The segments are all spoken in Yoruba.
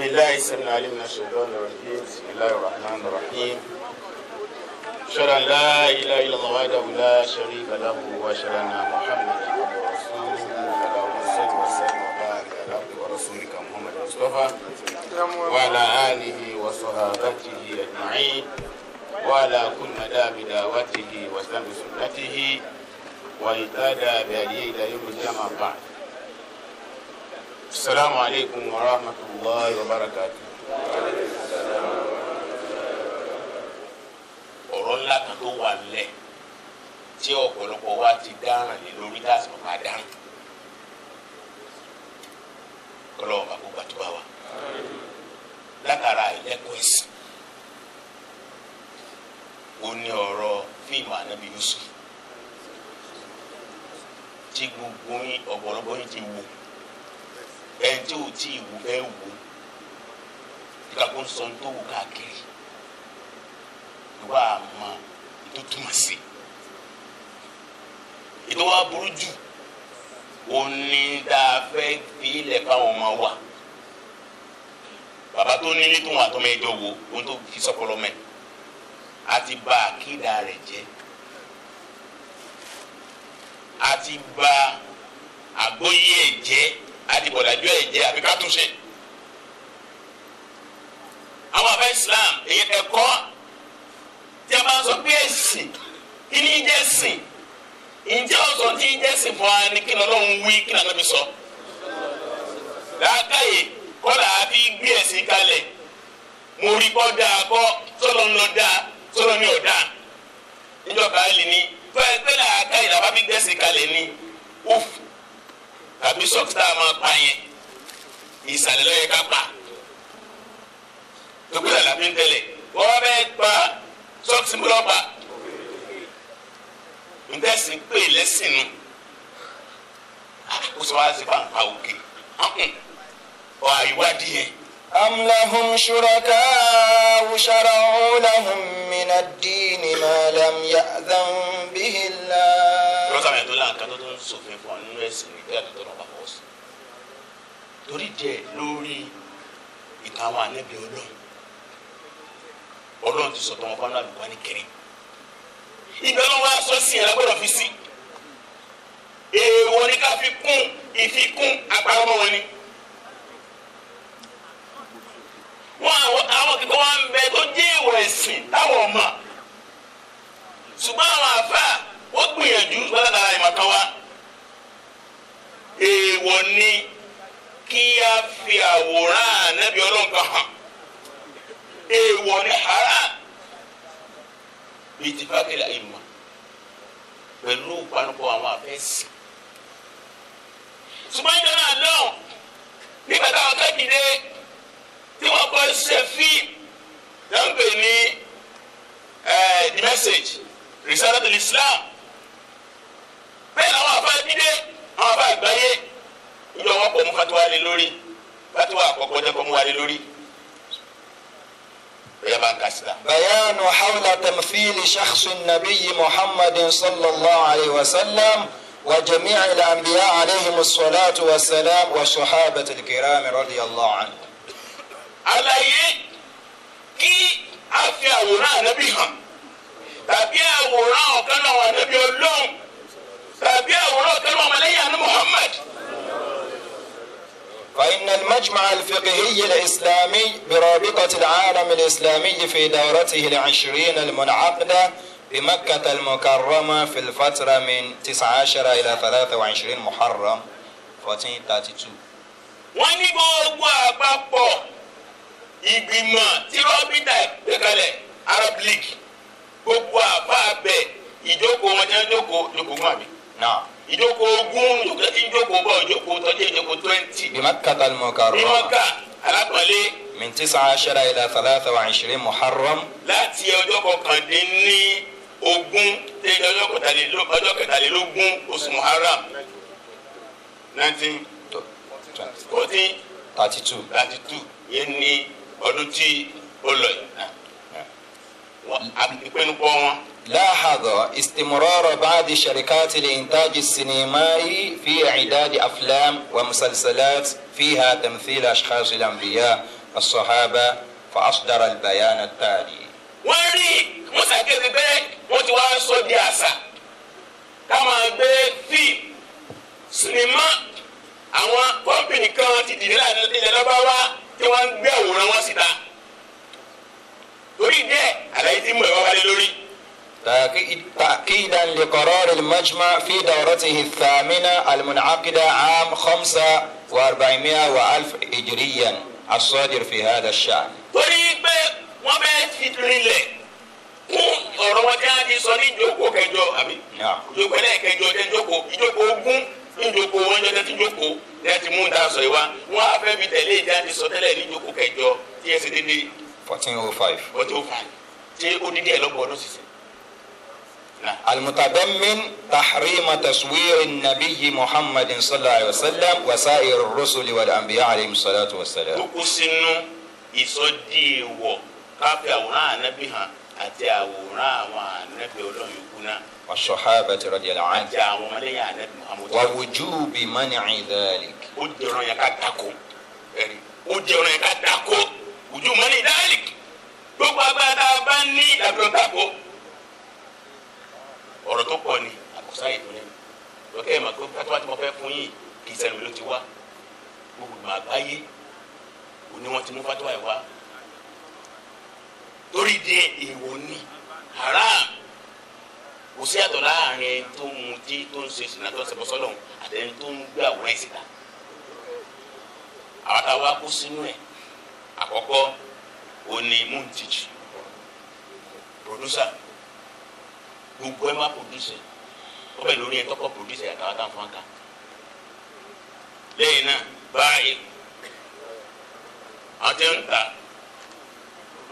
بالله السميع العليم من الشيطان الرجيم بسم الله الرحمن الرحيم أشهد أن لا إله إلا الله وحده لا شريك له وأشهد أن محمدا عبده ورسوله اللهم صل وسلم وبارك على عبدك ورسولك محمد المصطفى وعلى آله وصحابته أجمعين وعلى كل مدى بدعوته وسلم سنته واهتدى بهديه إلى يوم الجمعة بعد السلام عليكم ورحمة الله وبركاته. ọ̀rọ̀ ńlá kan tó wà lẹ̀ tí ọ̀pọ̀lọpọ̀ wa ti dáràn lé lórí tá máa bá wa. látara ẹ̀kọ́ ẹ̀sìn ó ní ọ̀rọ̀ fíìmù ànábì Yusuf tí gbogbo yín ọ̀pọ̀lọpọ̀ yín ti wò. ẹ tí ò tí ì wò ẹ wò kíkàkó ń sọ tó wò káàkiri wà á mọ túmọ̀ sí ètò wa burú jù òní tá a fẹ́ fi ilẹ̀ fáwọn ọmọ wa bàbá tó nílé tó wọn àtọmọ ẹjọ wo ohun tó fi sọpọlọ mẹ àti bà àkídà rẹ̀ jẹ́ àti bà àgbóyè ẹ̀ adìbọ̀dájú ẹ̀ jẹ́ àbí ká túnṣe. àwọn àbá Islam èyí ẹ̀kọ́ tí a máa ń sọ pé ẹ̀sìn kí ni jẹ́ sìn ǹjẹ́ ọ̀sọ̀ tí jẹ́ sìn fún wa ni kí ni Ọlọ́run wí kí ni Ànábì sọ. làákàyè kọ́là àbí gbé ẹ̀sìn kalẹ̀ mo rí kọ́ dáa kọ́ sọ́lọ́ ń lọ dáa sọ́lọ́ ní ọ̀dà níjọba ẹ̀ lè ní fẹ́ẹ́ fẹ́ẹ́ làákàyè làbá tàbí sọ́ọ̀kì tá a máa pa yẹn ìsàlẹ̀ lọ́yẹ ká pa tó gbé làlàfíà ń tẹ̀lẹ̀ wọ́n bẹ́ẹ̀ pa sọ́ọ̀kì símbú lọ́pa ntẹ́sí pé lẹ́sìn nù kó ah, sọ wá sí pàǹpà òkè ọ̀ àìwádìí yẹn. أم شركاء شرعوا لهم من الدين ما لم يأذن به الله la nǹkan tó tó ń ṣòfin fún ọ nínú ẹ̀sìn ní bí àtúntò náà bá fọwọ́ sí torí díẹ̀ lórí ìtàn àwọn ànẹ́bí ọlọ́run ọlọ́run ti sọ̀tọ̀ wọn fún alùpùpù ní kiri ìgbà wọn wá sọ sí ẹ̀rọ gbọ́dọ̀ fi sí èèwọ̀ ni ká fi kún ìfikún àpamọ́ wọn ni wọn àwọn kíkọ́ wọn bẹ tó jẹ́ ìwọ̀ ẹ̀sìn táwọn mọ̀ ṣùgbọ́n àwọn àfẹ́ ó gbìyànjú gbàdàgbà ìmọ̀kan wa èèwọ̀ ni kí a fi àwòrán ànábì ọlọ́nkan hàn èèwọ̀ ni haram bíi tìfákìlà ìmọ̀ pẹ̀lú ìpanupọ̀ àwọn àfẹ́sì. ṣùgbọ́n ìjọ náà lọ́hùn nígbà táwọn kẹ́kìdé tí wọ́n kọ́ ṣe fíìmù lọ́nbẹ̀ ní eh, the message risalat al-Islam. lé lórí fatuwa àkọ́kọ́ jẹ́ kó mú wa lé lórí bẹ́ẹ̀ bá ń kà sí ta. bayanu hawla tamfili shakhsi nabiyyi muhammadin sallallahu alayhi wa sallam wa jami'i al-anbiya alayhi musalatu wa salam wa sahabati al-kiram radiyallahu anhu. àlàyé kí a fi àwòrán ànábì hàn tàbí àwòrán ọ̀kan náà ànábì ọlọ́run tàbí àwòrán ọ̀kan náà ọmọlẹ́yìn àná muhammad. فإن المجمع الفقهي الإسلامي برابطة العالم الإسلامي في دورته العشرين المنعقدة بمكة المكرمة في الفترة من 19 إلى 23 محرم 1432 wọ́n ní gbogbo àpapọ̀ ìgbìmọ̀ tí rọ́bìtà gbé kalẹ̀ Arab League gbogbo àpá abẹ ìjókòó wọn jẹ́ ìjókòó ìjókòó mọ̀ mi. ìjókòó ogún ìjókòó بمكة المكرمة بمكة alákọ̀ọ́lé. min tis'a ashara ila thalatha wa ishrin muharram. láti ọjọ́ kọkàndínní ogún dé ọjọ́ kẹtàlélógún oṣù muharram nineteen fourteen thirty two thirty two yẹn ní ọdún tí ó lọ yìí. ìpinnu pọ̀ wọn. لاحظ استمرار بعض شركات الإنتاج السينمائي في إعداد أفلام ومسلسلات فيها تمثيل أشخاص الأنبياء والصحابة فأصدر البيان التالي wọ́n rí mọ́sàkéde bẹ́ẹ̀ wọ́n ti wá sọ di àṣà ká máa gbé fíìmù sinimá àwọn kọ́mpìnì kan ti dìde ilẹ̀ lọ́bàwá tí wọ́n ń gbé àwòrán wọn síta torí díẹ̀ àlàyé ti mú ẹ̀ wá wálé lórí. تأكيدا لقرار المجمع في دورته الثامنة المنعقدة عام خمسة وأربعمائة هجريا الصادر في هذا الشأن ọ̀rọ̀ wọn tí a ti sọ ní ìjókòó kẹjọ àbí ìjókòó ẹlẹ́ẹ̀kẹjọ tẹ ìjókòó ìjókòó ogún ìjókòó wọn jọ tẹ ti tẹ ti mú ta sọ ìwà wọn á fẹ́ fi tẹ̀lé ìdí àti sọ tẹ́lẹ̀ ní ìjókòó kẹjọ tí ẹ ṣe dédé. fourteen oh five. fourteen oh five ṣé ó dídí ẹ lọ́gbọ̀n sísè. المتضمن تحريم تصوير النبي محمد صلى الله عليه وسلم وسائر الرسل والأنبياء عليهم الصلاة والسلام kókósínú ìsọdí ìwọ káfí àwòrán ànábì hàn àti àwòrán àwọn ànábì Ọlọ́run yòókù náà. والصحابة رضي الله عنهم. àti àwọn ọmọlẹ́yìn ànábì Muhammad. ووجوب منع ذلك. ó jẹrọ yẹn ká dako ó jẹrọ yẹn ká dako وجوب منع ذلك gbogbo agbada bá ní ìdàgbọ́n dako. tó bá ti mọ fẹ́ fún yìí kì í sẹ́nu mi ló ti wá gbogbo ìgbà àgbáyé òní wọn ti mú fatuwa yìí wá torí díẹ̀ èèwọ̀ ni haram kò sí àtọ̀ láàrin ẹni tó ń mutí tó ń ṣe ìsìnà tó ń ṣẹbọ sọ́lọ́hun àtẹni tó ń gbé àwòrán ìsìnà àwọn táwa kó sínú ẹ̀ àkọ́kọ́ òní múntìjì producer gbogbo ẹ má produce ó bẹ̀ lórí ẹ̀ tọ́kọ̀ produce ẹ̀ àtàwọn táwọn fún wa kà lẹ́yìn náà báyìí àti ń ta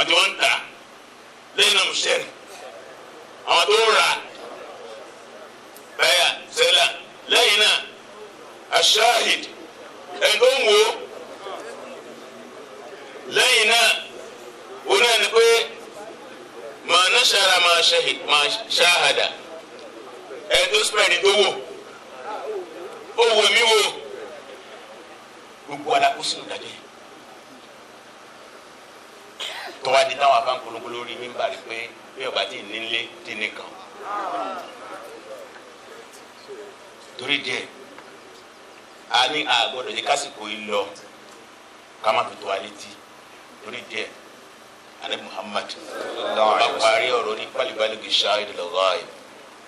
àti wọ́n ń ta lẹ́yìn náà mùsẹ̀rì àwọn tó rà bẹ́yà sẹ́là lẹ́yìn náà aṣáhid ẹ̀dọ́ ń wò lẹ́yìn náà wọ́n náà ni pé màá náṣàrà màá ṣáhada. tó spread tó owó ó wò mí gbogbo alákó sínú dájọ́ yẹn tọ́wá di táwọn afáǹkolóńgbò lórí pé bí ọba a ní kásìkò yìí lọ ká má fi Muhammad ọba ní